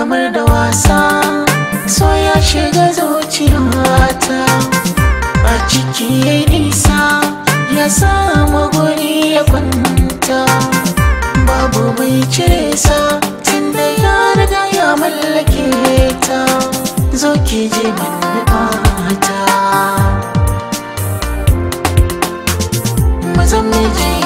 kamar da wasa so ya shiga zuciyata a ciki ya nisa ya samu guri ya kwanta babu mai cire sa da ya riga ya mallake ta zo ki je manufata mazan miji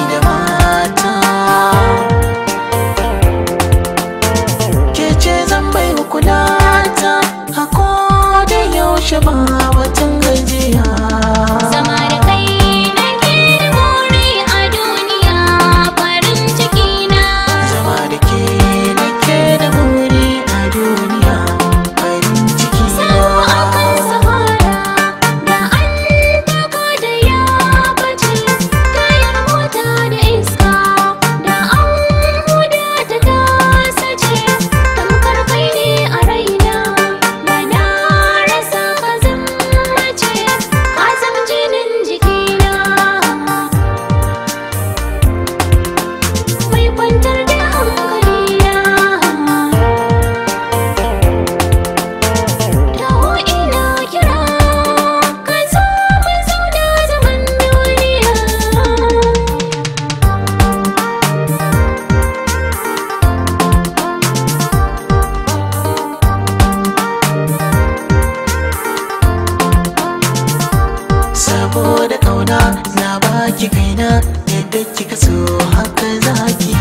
ko da kauna na baki kaina yadda kika so haka zaki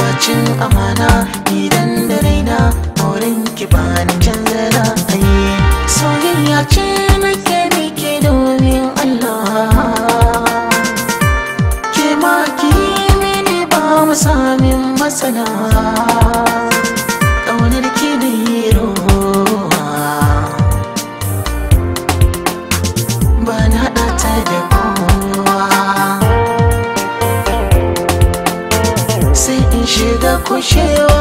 bacin amana idan da raina auren ki bani canza ra'ayi soyayya ce nake ke domin Allah ke ki mini ba mu samin masana. kò ṣe o.